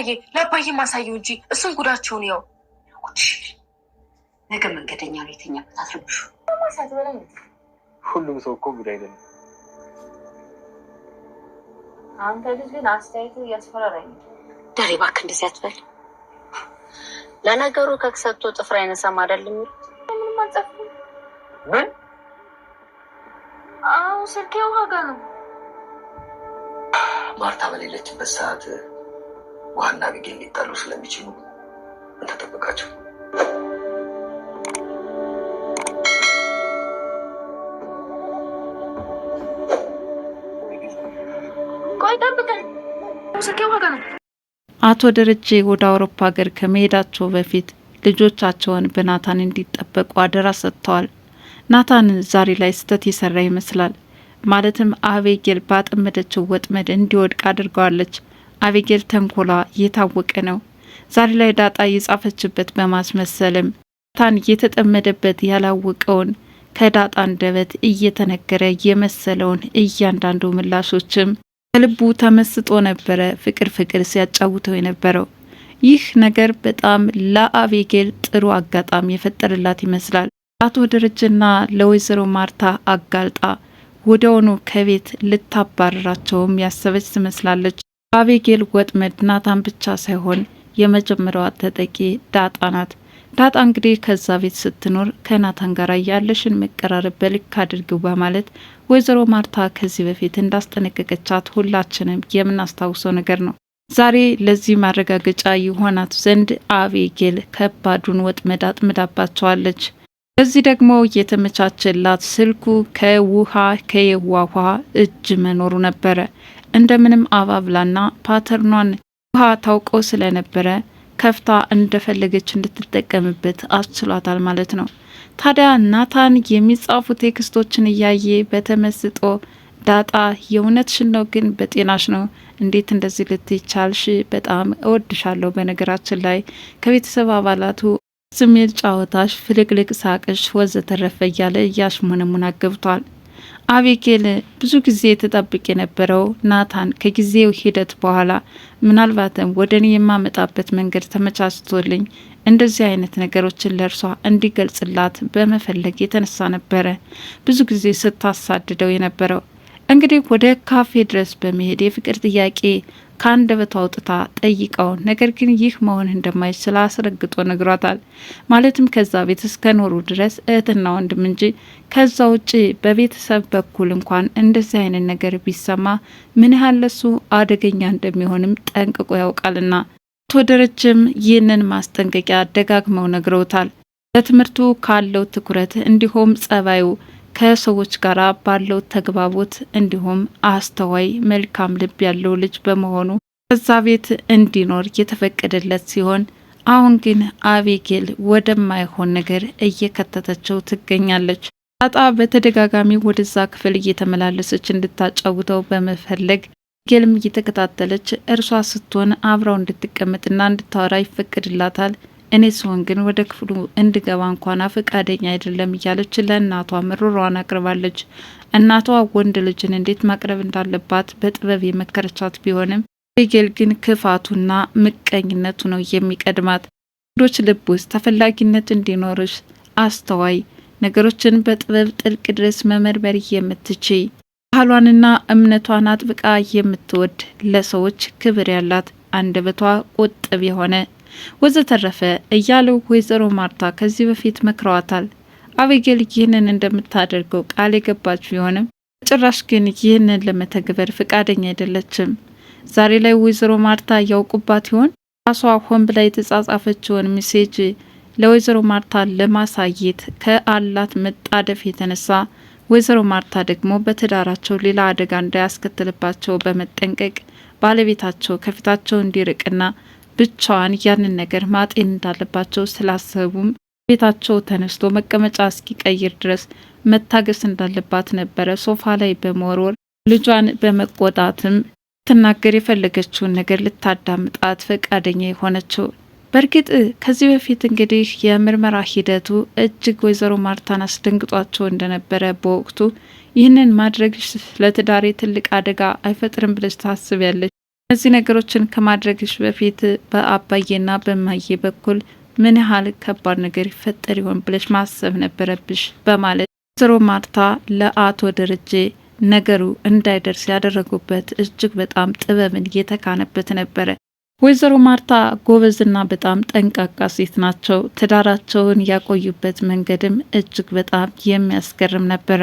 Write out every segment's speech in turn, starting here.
አባዬ ለአባዬ ማሳየው እንጂ እሱን ጉዳቸውን ያው ነገ መንገደኛ ነው የተኛበት አትረብሹ። ሁሉም ሰው እኮ ጉድ አይደለም። አንተ ልጅ ግን አስተያየቱ እያስፈራራኝ። ደሬ እባክህ እንደዚህ አትበል። ለነገሩ ከክሰቶ ጥፍር አይነሳም አይደል የሚሉት። ምንም ምን? አዎ ስልኬ ውሃ ጋር ነው። ማርታ በሌለችበት ሰዓት ውሃና ቢጌ ሊጣሉ ስለሚችሉ እንተጠብቃቸው። አቶ ደረጀ ወደ አውሮፓ ሀገር ከመሄዳቸው በፊት ልጆቻቸውን በናታን እንዲጠበቁ አደራ ሰጥተዋል። ናታን ዛሬ ላይ ስህተት የሰራ ይመስላል። ማለትም አቤጌል ባጠመደችው ወጥመድ እንዲወድቅ አድርገዋለች። አቤጌል ተንኮሏ እየታወቀ ነው። ዛሬ ላይ ዳጣ የጻፈችበት በማስመሰልም ታን እየተጠመደበት ያላወቀውን ከዳጣ አንደበት እየተነገረ የመሰለውን እያንዳንዱ ምላሾችም ከልቡ ተመስጦ ነበረ ፍቅር ፍቅር ሲያጫውተው የነበረው። ይህ ነገር በጣም ለአቤጌል ጥሩ አጋጣሚ የፈጠረላት ይመስላል። አቶ ደረጀና ለወይዘሮ ማርታ አጋልጣ ወዲያውኑ ከቤት ልታባረራቸውም ያሰበች ትመስላለች። አቤጌል ወጥመድ ናታን ብቻ ሳይሆን የመጀመሪያዋ ተጠቂ ዳጣ ናት። ዳጣ እንግዲህ ከዛ ቤት ስትኖር ከናታን ጋር ያለሽን መቀራረብ በልክ አድርጊው በማለት ወይዘሮ ማርታ ከዚህ በፊት እንዳስጠነቀቀቻት ሁላችንም የምናስታውሰው ነገር ነው። ዛሬ ለዚህ ማረጋገጫ ይሆናት ዘንድ አቤጌል ከባዱን ወጥመድ አጥምዳባቸዋለች። በዚህ ደግሞ የተመቻቸላት ስልኩ ከውሃ ከየዋ ውሃ እጅ መኖሩ ነበረ። እንደምንም አባብላና ፓተርኗን ውሃ ታውቆ ስለነበረ ከፍታ እንደፈለገች እንድትጠቀምበት አስችሏታል ማለት ነው። ታዲያ ናታን የሚጻፉ ቴክስቶችን እያየ በተመስጦ ዳጣ የእውነትሽን ነው? ግን በጤናሽ ነው? እንዴት እንደዚህ ልትቻልሽ? በጣም እወድሻለሁ። በነገራችን ላይ ከቤተሰብ አባላቱ ስሜል ጫወታሽ፣ ፍልቅልቅ ሳቅሽ፣ ወዘተረፈ እያለ እያሽሞነሙን አገብቷል። አቤጌል ብዙ ጊዜ ተጠብቅ የነበረው ናታን ከጊዜው ሂደት በኋላ ምናልባትም ወደ እኔ የማመጣበት መንገድ ተመቻችቶልኝ እንደዚህ አይነት ነገሮችን ለእርሷ እንዲገልጽላት በመፈለግ የተነሳ ነበረ ብዙ ጊዜ ስታሳድደው የነበረው። እንግዲህ ወደ ካፌ ድረስ በመሄድ የፍቅር ጥያቄ ከአንደበቷ አውጥታ ጠይቀው፣ ነገር ግን ይህ መሆን እንደማይችል አስረግጦ ነግሯታል። ማለትም ከዛ ቤት እስከኖሩ ድረስ እህትና ወንድም እንጂ ከዛ ውጭ በቤተሰብ በኩል እንኳን እንደዚህ አይነት ነገር ቢሰማ ምን ያህል ለሱ አደገኛ እንደሚሆንም ጠንቅቆ ያውቃልና አቶ ደረጀም ይህንን ማስጠንቀቂያ ደጋግመው ነግረውታል። ለትምህርቱ ካለው ትኩረት እንዲሁም ጸባዩ ከሰዎች ጋር ባለው ተግባቦት እንዲሁም አስተዋይ መልካም ልብ ያለው ልጅ በመሆኑ በዛ ቤት እንዲኖር የተፈቀደለት ሲሆን አሁን ግን አቤጌል ወደማይሆን ነገር እየከተተችው ትገኛለች። ዳጣ በተደጋጋሚ ወደዛ ክፍል እየተመላለሰች እንድታጫውተው በመፈለግ ጌልም እየተከታተለች እርሷ ስትሆን አብረው እንድትቀመጥና እንድታወራ ይፈቅድላታል እኔ ሲሆን ግን ወደ ክፍሉ እንድገባ እንኳን ፈቃደኛ አይደለም እያለች ለእናቷ ምሩሯን አቅርባለች። እናቷ ወንድ ልጅን እንዴት ማቅረብ እንዳለባት በጥበብ የመከረቻት ቢሆንም ሄጌል ግን ክፋቱና ምቀኝነቱ ነው የሚቀድማት። ወንዶች ልብ ውስጥ ተፈላጊነት እንዲኖርሽ አስተዋይ፣ ነገሮችን በጥበብ ጥልቅ ድረስ መመርመር የምትችይ ባህሏንና እምነቷን አጥብቃ የምትወድ ለሰዎች ክብር ያላት አንደበቷ ቁጥብ የሆነ ወዘተረፈ እያሉ ወይዘሮ ማርታ ከዚህ በፊት መክረዋታል። አቤጌል ይህንን እንደምታደርገው ቃል የገባች ቢሆንም ጭራሽ ግን ይህንን ለመተግበር ፍቃደኛ አይደለችም። ዛሬ ላይ ወይዘሮ ማርታ ያውቁባት ይሆን? ራሷ ሆን ብላ የተጻጻፈችውን ሜሴጅ ለወይዘሮ ማርታ ለማሳየት ከአላት መጣደፍ የተነሳ ወይዘሮ ማርታ ደግሞ በትዳራቸው ሌላ አደጋ እንዳያስከትልባቸው በመጠንቀቅ ባለቤታቸው ከፊታቸው እንዲርቅና ብቻዋን ያንን ነገር ማጤን እንዳለባቸው ስላሰቡም ቤታቸው ተነስቶ መቀመጫ እስኪቀይር ድረስ መታገስ እንዳለባት ነበረ ሶፋ ላይ በመወርወር ልጇን በመቆጣትም ትናገር የፈለገችውን ነገር ልታዳምጣት ፈቃደኛ የሆነችው። በእርግጥ ከዚህ በፊት እንግዲህ የምርመራ ሂደቱ እጅግ ወይዘሮ ማርታን አስደንግጧቸው እንደነበረ በወቅቱ ይህንን ማድረግሽ ለትዳሬ ትልቅ አደጋ አይፈጥርም ብለሽ ታስቢያለሽ? እነዚህ ነገሮችን ከማድረግሽ በፊት በአባዬና በማዬ በኩል ምን ያህል ከባድ ነገር ይፈጠር ይሆን ብለሽ ማሰብ ነበረብሽ በማለት ወይዘሮ ማርታ ለአቶ ደረጀ ነገሩ እንዳይደርስ ያደረጉበት እጅግ በጣም ጥበብን የተካነበት ነበረ። ወይዘሮ ማርታ ጎበዝና በጣም ጠንቃቃ ሴት ናቸው። ትዳራቸውን ያቆዩበት መንገድም እጅግ በጣም የሚያስገርም ነበረ።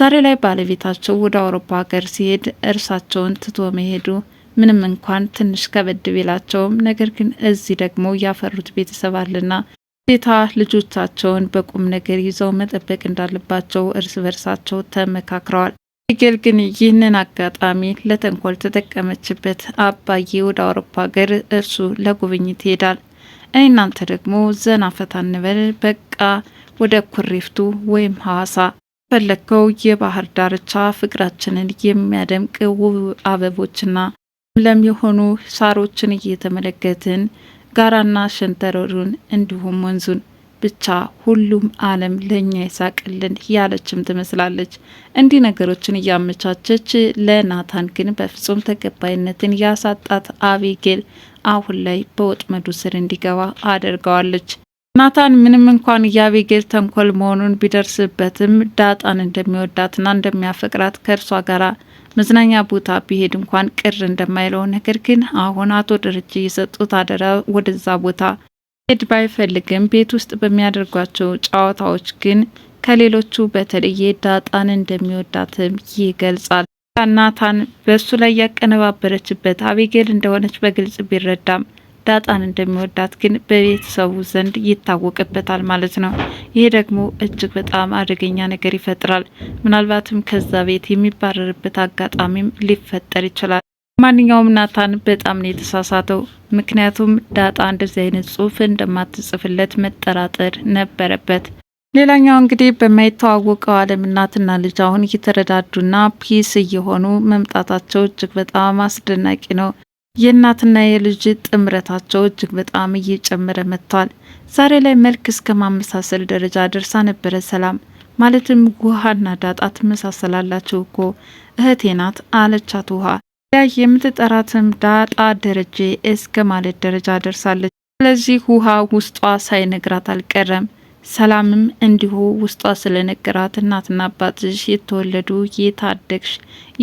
ዛሬ ላይ ባለቤታቸው ወደ አውሮፓ ሀገር ሲሄድ እርሳቸውን ትቶ መሄዱ ምንም እንኳን ትንሽ ከበድ ቢላቸውም፣ ነገር ግን እዚህ ደግሞ ያፈሩት ቤተሰብ አለና ግዴታ ልጆቻቸውን በቁም ነገር ይዘው መጠበቅ እንዳለባቸው እርስ በርሳቸው ተመካክረዋል። ሂገል ግን ይህንን አጋጣሚ ለተንኮል ተጠቀመችበት። አባዬ ወደ አውሮፓ ሀገር እርሱ ለጉብኝት ይሄዳል፣ እናንተ ደግሞ ዘና ፈታ እንበል፣ በቃ ወደ ኩሪፍቱ ወይም ሐዋሳ ፈለግከው የባህር ዳርቻ ፍቅራችንን የሚያደምቅ ውብ አበቦችና ለሚሆኑ የሆኑ ሳሮችን እየተመለከትን ጋራና ሸንተረሩን እንዲሁም ወንዙን ብቻ ሁሉም ዓለም ለእኛ ይሳቅልን ያለችም ትመስላለች። እንዲህ ነገሮችን እያመቻቸች ለናታን ግን በፍጹም ተቀባይነትን ያሳጣት አቤጌል አሁን ላይ በወጥመዱ ስር እንዲገባ አድርገዋለች። ናታን ምንም እንኳን የአቤጌል ተንኮል መሆኑን ቢደርስበትም ዳጣን እንደሚወዳትና እንደሚያፈቅራት ከእርሷ ጋር መዝናኛ ቦታ ቢሄድ እንኳን ቅር እንደማይለው ነገር ግን አሁን አቶ ደረጀ የሰጡት አደራ ወደዛ ቦታ ሄድ ባይፈልግም ቤት ውስጥ በሚያደርጓቸው ጨዋታዎች ግን ከሌሎቹ በተለየ ዳጣን እንደሚወዳትም ይገልጻል። ናታን በእሱ ላይ ያቀነባበረችበት አቤጌል እንደሆነች በግልጽ ቢረዳም ዳጣን እንደሚወዳት ግን በቤተሰቡ ዘንድ ይታወቅበታል ማለት ነው። ይሄ ደግሞ እጅግ በጣም አደገኛ ነገር ይፈጥራል። ምናልባትም ከዛ ቤት የሚባረርበት አጋጣሚም ሊፈጠር ይችላል። ማንኛውም ናታን በጣም ነው የተሳሳተው። ምክንያቱም ዳጣ እንደዚህ አይነት ጽሁፍ እንደማትጽፍለት መጠራጠር ነበረበት። ሌላኛው እንግዲህ በማይተዋወቀው ዓለም እናትና ልጅ አሁን እየተረዳዱና ፒስ እየሆኑ መምጣታቸው እጅግ በጣም አስደናቂ ነው። የእናትና የልጅ ጥምረታቸው እጅግ በጣም እየጨመረ መጥቷል። ዛሬ ላይ መልክ እስከ ማመሳሰል ደረጃ ደርሳ ነበረ ሰላም። ማለትም ውሃና ዳጣ ትመሳሰላላችሁ እኮ እህቴ ናት አለቻት ውሃ። ያ የምትጠራትም ዳጣ ደረጀ እስከ ማለት ደረጃ ደርሳለች። ስለዚህ ውሃ ውስጧ ሳይነግራት አልቀረም። ሰላምም እንዲሁ ውስጧ ስለነገራት እናትና አባትሽ የተወለዱ የታደግሽ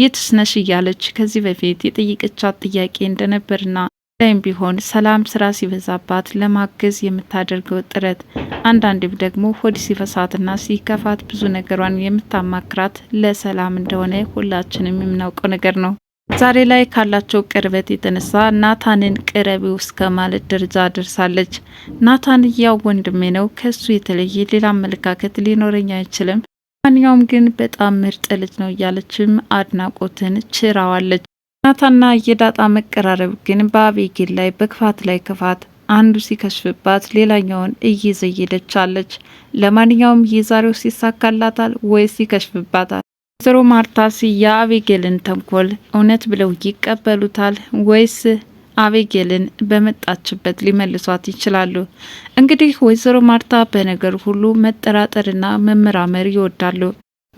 የትስነሽ እያለች ከዚህ በፊት የጠየቀቻት ጥያቄ እንደነበርና ላይም ቢሆን ሰላም ስራ ሲበዛባት ለማገዝ የምታደርገው ጥረት አንዳንድም ደግሞ ሆድ ሲፈሳትና ሲከፋት ብዙ ነገሯን የምታማክራት ለሰላም እንደሆነ ሁላችንም የምናውቀው ነገር ነው። ዛሬ ላይ ካላቸው ቅርበት የተነሳ ናታንን ቅረቢ እስከ ማለት ደረጃ ደርሳለች። ናታን ያው ወንድሜ ነው፣ ከሱ የተለየ ሌላ አመለካከት ሊኖረኝ አይችልም፣ ማንኛውም ግን በጣም ምርጥ ልጅ ነው እያለችም አድናቆትን ችራዋለች። ናታና የዳጣ መቀራረብ ግን በአቤጌል ላይ በክፋት ላይ ክፋት፣ አንዱ ሲከሽፍባት ሌላኛውን እየዘየደቻለች። ለማንኛውም የዛሬው ሲሳካላታል ወይስ ይከሽፍባታል? ወይዘሮ ማርታስ የአቤጌልን ተንኮል እውነት ብለው ይቀበሉታል ወይስ አቤጌልን በመጣችበት ሊመልሷት ይችላሉ? እንግዲህ ወይዘሮ ማርታ በነገር ሁሉ መጠራጠርና መመራመር ይወዳሉ።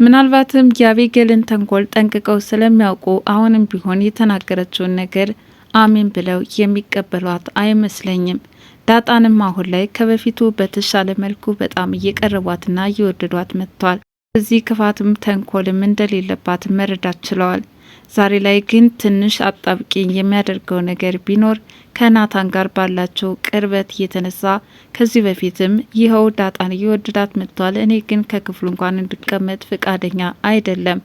ምናልባትም የአቤጌልን ተንኮል ጠንቅቀው ስለሚያውቁ አሁንም ቢሆን የተናገረችውን ነገር አሜን ብለው የሚቀበሏት አይመስለኝም። ዳጣንም አሁን ላይ ከበፊቱ በተሻለ መልኩ በጣም እየቀረቧትና እየወደዷት መጥቷል። እዚህ ክፋትም ተንኮልም እንደሌለባት መረዳት ችለዋል። ዛሬ ላይ ግን ትንሽ አጣብቂኝ የሚያደርገው ነገር ቢኖር ከናታን ጋር ባላቸው ቅርበት እየተነሳ ከዚህ በፊትም ይኸው ዳጣን እየወደዳት መጥቷል። እኔ ግን ከክፍሉ እንኳን እንድቀመጥ ፍቃደኛ አይደለም፣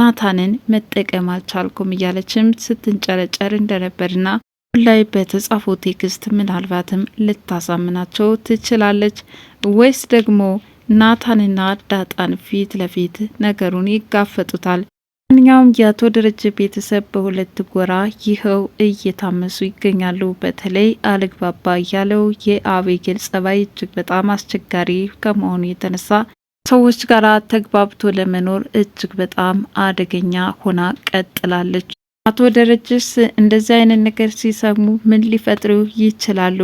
ናታንን መጠቀም አልቻልኩም እያለችም ስትንጨረጨር እንደነበርና ላይ በተጻፈው ቴክስት ምናልባትም ልታሳምናቸው ትችላለች ወይስ ደግሞ ናታንና ዳጣን ፊት ለፊት ነገሩን ይጋፈጡታል። ማንኛውም የአቶ ደረጀ ቤተሰብ በሁለት ጎራ ይኸው እየታመሱ ይገኛሉ። በተለይ አልግባባ ያለው የአቤጌል ጸባይ እጅግ በጣም አስቸጋሪ ከመሆኑ የተነሳ ሰዎች ጋር ተግባብቶ ለመኖር እጅግ በጣም አደገኛ ሆና ቀጥላለች። አቶ ደረጀስ እንደዚህ አይነት ነገር ሲሰሙ ምን ሊፈጥሩ ይችላሉ?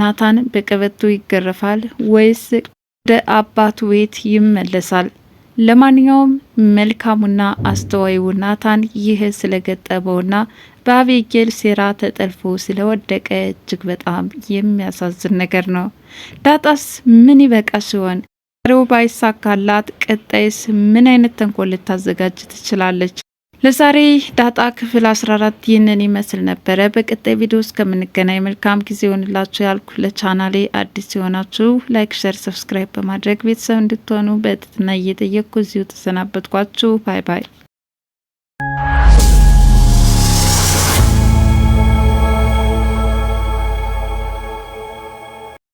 ናታን በቀበቶ ይገረፋል ወይስ ወደ አባቱ ቤት ይመለሳል። ለማንኛውም መልካሙና አስተዋይው ናታን ይህ ስለገጠመውና በአቤጌል ሴራ ተጠልፎ ስለወደቀ እጅግ በጣም የሚያሳዝን ነገር ነው። ዳጣስ ምን ይበቃ ሲሆን ሮባ ባይሳካላት ቀጣይስ ምን አይነት ተንኮል ልታዘጋጅ ትችላለች? ለዛሬ ዳጣ ክፍል 14 ይህንን ይመስል ነበረ። በቀጣይ ቪዲዮ እስከምንገናኝ መልካም ጊዜ ሆንላችሁ ያልኩ ለቻናሌ አዲስ የሆናችሁ ላይክ፣ ሸር፣ ሰብስክራይብ በማድረግ ቤተሰብ እንድትሆኑ በትህትና እየጠየቅኩ እዚሁ ተሰናበትኳችሁ። ባይ ባይ።